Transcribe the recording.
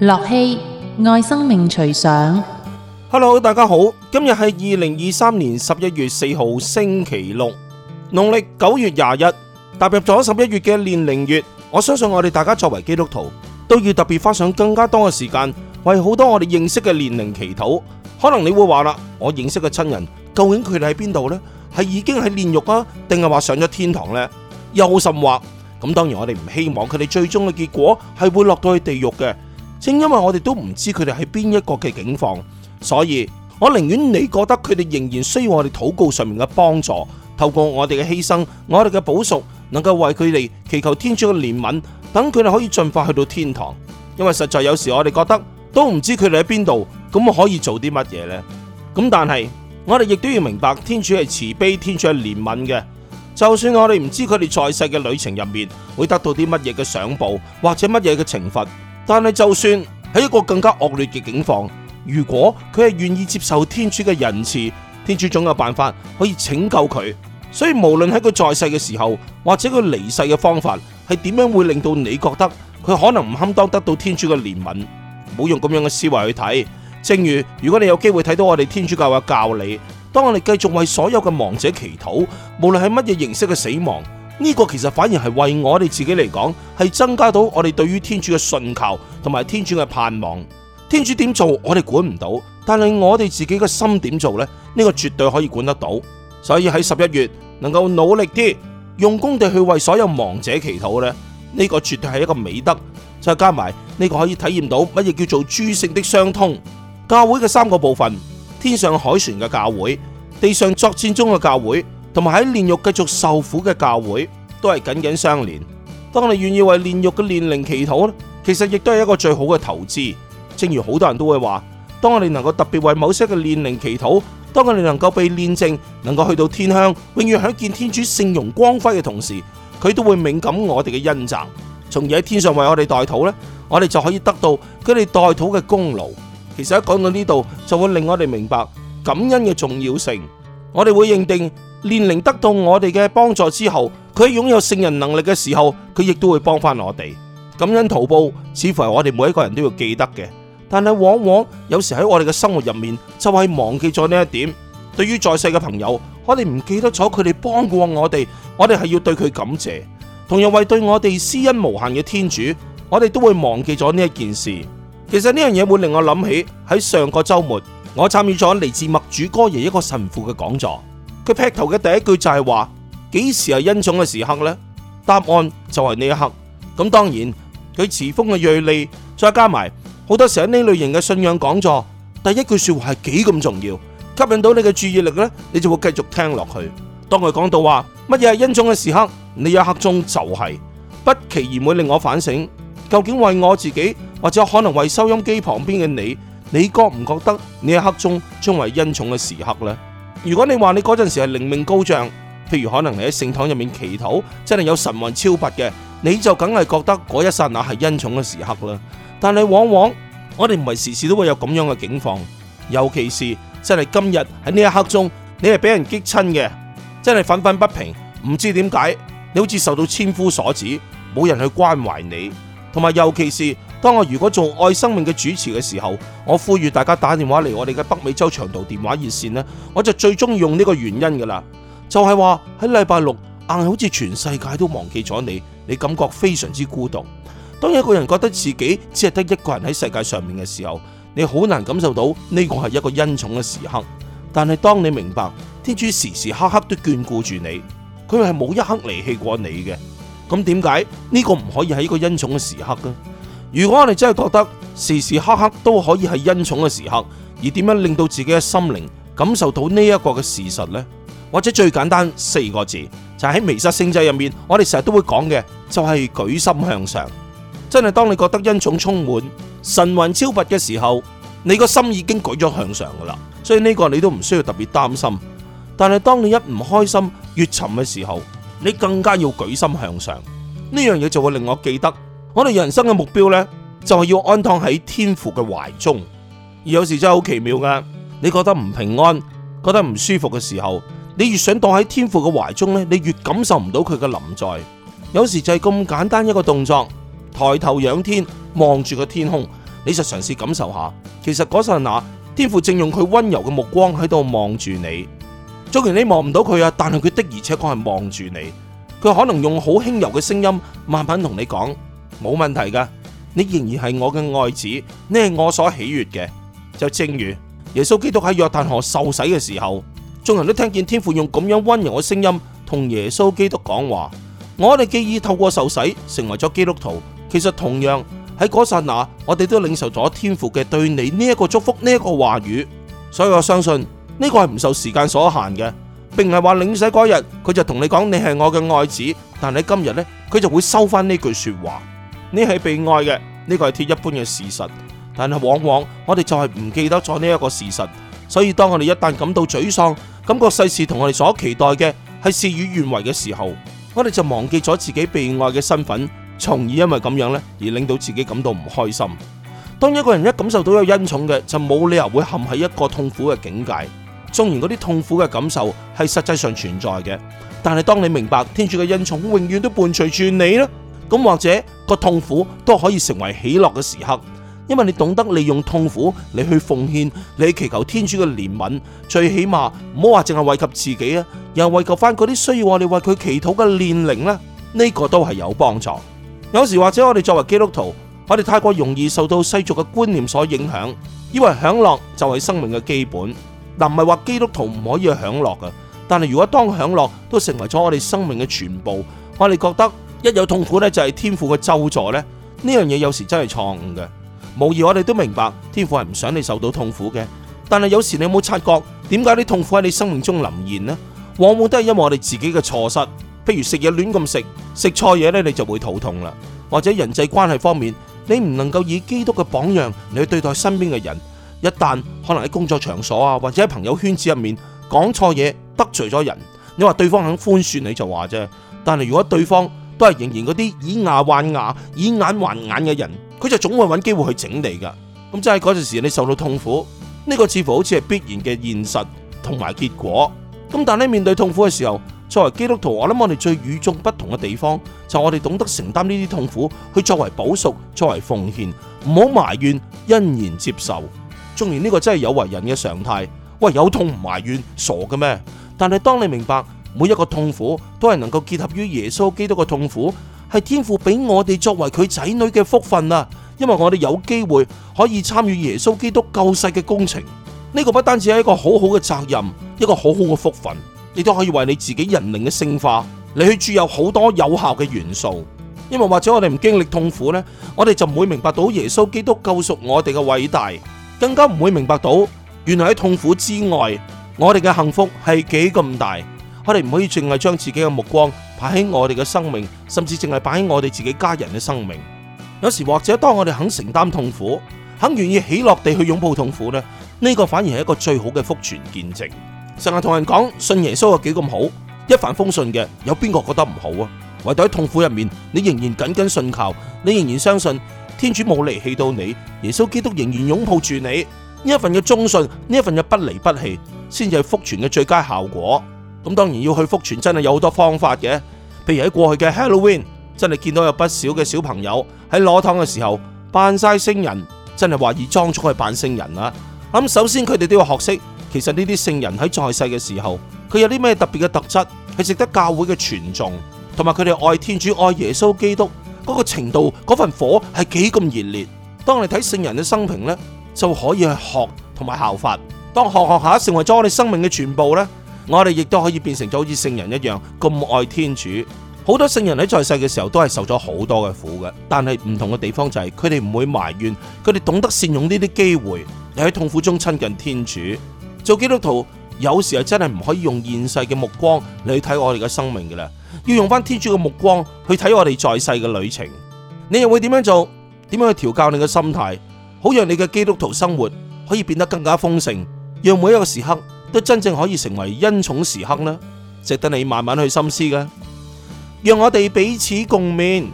駱曦愛生命隨想，Hello，大家好，今日係二零二三年十一月四號星期六，農曆九月廿一日，踏入咗十一月嘅煉靈月。我相信我哋大家作為基督徒，都要特別花上更加多嘅時間，為好多我哋認識嘅煉靈祈禱。可能你會話啦，我認識嘅親人，究竟佢哋喺邊度呢？係已經喺煉獄啊，定係話上咗天堂呢？又甚或咁，當然我哋唔希望佢哋最終嘅結果係會落到去地獄嘅。正因為我哋都唔知佢哋喺邊一個嘅境況，所以我寧願你覺得佢哋仍然需要我哋禱告上面嘅幫助，透過我哋嘅犧牲，我哋嘅補贖，能夠為佢哋祈求天主嘅憐憫，等佢哋可以盡快去到天堂。因為實在有時我哋覺得都唔知佢哋喺邊度，咁可以做啲乜嘢呢？咁但係我哋亦都要明白，天主係慈悲，天主係憐憫嘅。就算我哋唔知佢哋在世嘅旅程入面會得到啲乜嘢嘅賞報，或者乜嘢嘅懲罰。但係，就算喺一個更加惡劣嘅境況，如果佢係願意接受天主嘅仁慈，天主總有辦法可以拯救佢。所以，無論喺佢在世嘅時候，或者佢離世嘅方法係點樣，會令到你覺得佢可能唔堪當得到天主嘅憐憫。唔好用咁樣嘅思維去睇。正如如果你有機會睇到我哋天主教嘅教理，當我哋繼續為所有嘅亡者祈禱，無論係乜嘢形式嘅死亡。呢個其實反而係為我哋自己嚟講，係增加到我哋對於天主嘅信求同埋天主嘅盼望。天主點做，我哋管唔到，但係我哋自己嘅心點做呢？呢、呢個絕對可以管得到。所以喺十一月能夠努力啲，用功地去為所有亡者祈禱呢，呢、呢個絕對係一個美德。再、就係、加埋呢、呢個可以體驗到乜嘢叫做諸聖的相通，教會嘅三個部分：天上凱旋嘅教會，地上作戰中嘅教會。同埋喺煉獄繼續受苦嘅教會都係緊緊相連。當你願意為煉獄嘅煉靈祈禱咧，其實亦都係一個最好嘅投資。正如好多人都會話，當我哋能夠特別為某些嘅煉靈祈禱，當我哋能夠被煉淨，能夠去到天鄉，永遠享見天主聖容光輝嘅同時，佢都會敏感我哋嘅恩贈，從而喺天上為我哋代禱咧，我哋就可以得到佢哋代禱嘅功勞。其實一講到呢度，就會令我哋明白感恩嘅重要性。我哋會認定。年齡得到我哋嘅幫助之後，佢擁有聖人能力嘅時候，佢亦都會幫翻我哋。感恩圖報似乎係我哋每一個人都要記得嘅，但係往往有時喺我哋嘅生活入面就係、是、忘記咗呢一點。對於在世嘅朋友，我哋唔記得咗佢哋幫過我哋，我哋係要對佢感謝，同樣為對我哋施恩無限嘅天主，我哋都會忘記咗呢一件事。其實呢樣嘢會令我諗起喺上個週末，我參與咗嚟自默主哥爺一個神父嘅講座。佢劈頭嘅第一句就係話：幾時係恩寵嘅時刻呢？答案就係呢一刻。咁當然佢詞鋒嘅銳利，再加埋好多時喺呢類型嘅信仰講座，第一句說話係幾咁重要，吸引到你嘅注意力呢，你就會繼續聽落去。當佢講到話乜嘢係恩寵嘅時刻，呢一刻鐘就係不期而會令我反省，究竟為我自己或者可能為收音機旁邊嘅你，你覺唔覺得呢一刻鐘將為恩寵嘅時刻呢？如果你話你嗰陣時係靈命高漲，譬如，可能你喺聖堂入面祈禱，真係有神魂超拔嘅，你就梗係覺得嗰一剎那係恩寵嘅時刻啦。但係往往我哋唔係時時都會有咁樣嘅境況，尤其是真係今日喺呢一刻中，你係俾人激親嘅，真係憤憤不平，唔知點解你好似受到千夫所指，冇人去關懷你，同埋尤其是。當我如果做愛生命嘅主持嘅時候，我呼籲大家打電話嚟我哋嘅北美洲長途電話熱線呢，我就最中意用呢個原因噶啦，就係話喺禮拜六硬好似全世界都忘記咗你，你感覺非常之孤獨。當一個人覺得自己只係得一個人喺世界上面嘅時候，你好難感受到呢個係一個恩寵嘅時刻。但係當你明白天主時時刻刻都眷顧住你，佢係冇一刻離棄過你嘅，咁點解呢個唔可以係一個恩寵嘅時刻呢？如果我哋真係覺得時時刻刻都可以係恩寵嘅時刻，而點樣令到自己嘅心靈感受到呢一個嘅事實呢？或者最簡單四個字就係、是、喺彌撒聖祭入面，我哋成日都會講嘅就係、是、舉心向上。真係當你覺得恩寵充滿、神魂超拔嘅時候，你個心已經舉咗向上噶啦。所以呢個你都唔需要特別擔心。但係當你一唔開心、越沉嘅時候，你更加要舉心向上。呢樣嘢就會令我記得。我哋人生嘅目標呢，就係要安躺喺天父嘅懷中。而有時真係好奇妙噶，你覺得唔平安、覺得唔舒服嘅時候，你越想躲喺天父嘅懷中呢，你越感受唔到佢嘅臨在。有時就係咁簡單一個動作，抬頭仰天望住個天空，你就嘗試感受下。其實嗰剎那，天父正用佢溫柔嘅目光喺度望住你。雖然你望唔到佢啊，但係佢的而且確係望住你。佢可能用好輕柔嘅聲音，慢慢同你講。冇問題噶，你仍然係我嘅愛子，呢係我所喜悅嘅。就正如耶穌基督喺約旦河受洗嘅時候，眾人都聽見天父用咁樣温柔嘅聲音同耶穌基督講話。我哋既已透過受洗成為咗基督徒，其實同樣喺嗰剎那，我哋都領受咗天父嘅對你呢一個祝福，呢一個話語。所以我相信呢個係唔受時間所限嘅，並唔係話領洗嗰日佢就同你講你係我嘅愛子，但喺今日呢，佢就會收翻呢句說話。呢係被愛嘅，呢個係鐵一般嘅事實。但係往往我哋就係唔記得咗呢一個事實，所以當我哋一旦感到沮喪，感覺世事同我哋所期待嘅係事與願違嘅時候，我哋就忘記咗自己被愛嘅身份，從而因為咁樣呢而令到自己感到唔開心。當一個人一感受到有恩寵嘅，就冇理由會陷喺一個痛苦嘅境界。縱然嗰啲痛苦嘅感受係實際上存在嘅，但係當你明白天主嘅恩寵永遠都伴隨住你咧，咁或者。個痛苦都可以成為喜樂嘅時刻，因為你懂得利用痛苦，你去奉獻，你祈求天主嘅憐憫，最起碼唔好話淨係惠及自己啊，又惠及返嗰啲需要我哋為佢祈禱嘅煉靈咧，呢個都係有幫助。有時或者我哋作為基督徒，我哋太過容易受到世俗嘅觀念所影響，以為享樂就係生命嘅基本。但唔係話基督徒唔可以享樂㗎，但係如果當享樂都成為咗我哋生命嘅全部，我哋覺得。一有痛苦咧，就係天父嘅咒詛咧。呢樣嘢有時真係錯誤嘅。無疑我哋都明白，天父係唔想你受到痛苦嘅。但係有時你有冇察覺，點解啲痛苦喺你生命中臨現咧？往往都係因為我哋自己嘅錯失，譬如食嘢亂咁食，食錯嘢咧，你就會肚痛啦。或者人際關係方面，你唔能夠以基督嘅榜樣嚟去對待身邊嘅人。一旦可能喺工作場所啊，或者喺朋友圈子入面講錯嘢，得罪咗人，你話對方肯寬恕你就話啫。但係如果對方，都係仍然嗰啲以牙還牙、以眼還眼嘅人，佢就總會揾機會去整你噶。咁即係嗰陣時你受到痛苦，呢個似乎好似係必然嘅現實同埋結果。咁但係面對痛苦嘅時候，作為基督徒，我諗我哋最與眾不同嘅地方就係我哋懂得承擔呢啲痛苦，去作為補贖、作為奉獻，唔好埋怨，欣然接受。縱然呢個真係有為人嘅常態，喂有痛唔埋怨，傻嘅咩？但係當你明白。每一個痛苦都係能夠結合於耶穌基督嘅痛苦，係天父俾我哋作為佢仔女嘅福分啊！因為我哋有機會可以參與耶穌基督救世嘅工程，呢個不單止係一個好好嘅責任，一個好好嘅福分，你都可以為你自己人靈嘅聖化，你去注入好多有效嘅元素。因為或者我哋唔經歷痛苦呢，我哋就唔會明白到耶穌基督救贖我哋嘅偉大，更加唔會明白到原來喺痛苦之外，我哋嘅幸福係幾咁大。我哋唔可以淨係將自己嘅目光擺喺我哋嘅生命，甚至淨係擺喺我哋自己家人嘅生命。有時或者當我哋肯承擔痛苦，肯願意喜樂地去擁抱痛苦咧，呢個反而係一個最好嘅福傳見證。成日同人講信耶穌有幾咁好，一帆風順嘅，有邊個覺得唔好啊？唯獨喺痛苦入面，你仍然緊緊信靠，你仍然相信天主冇離棄到你，耶穌基督仍然擁抱住你呢一份嘅忠信，呢一份嘅不離不棄，先至係福傳嘅最佳效果。咁當然要去福傳，真係有好多方法嘅。譬如喺過去嘅 Halloween，真係見到有不少嘅小朋友喺攞糖嘅時候扮晒聖人，真係話以裝束去扮聖人啦。咁、嗯、首先佢哋都要學識，其實呢啲聖人喺在，在世嘅時候，佢有啲咩特別嘅特質係值得教會嘅傳頌，同埋佢哋愛天主、愛耶穌基督嗰、嗰個程度、嗰份火係幾咁熱烈。當你睇聖人嘅生平呢，就可以去學同埋效法。當學學下成為咗我哋生命嘅全部呢。我哋亦都可以變成咗好似聖人一樣咁愛天主。好多聖人喺在世嘅時候都係受咗好多嘅苦嘅，但係唔同嘅地方就係佢哋唔會埋怨，佢哋懂得善用呢啲機會，又喺痛苦中親近天主。做基督徒，有時係真係唔可以用現世嘅目光嚟睇我哋嘅生命噶啦，要用翻天主嘅目光去睇我哋在世嘅旅程。你又會點樣做？點樣去調教你嘅心態？好讓你嘅基督徒生活可以變得更加豐盛，讓每一個時刻，都真正可以成為恩寵時刻呢，值得你慢慢去深思嘅，讓我哋彼此共勉。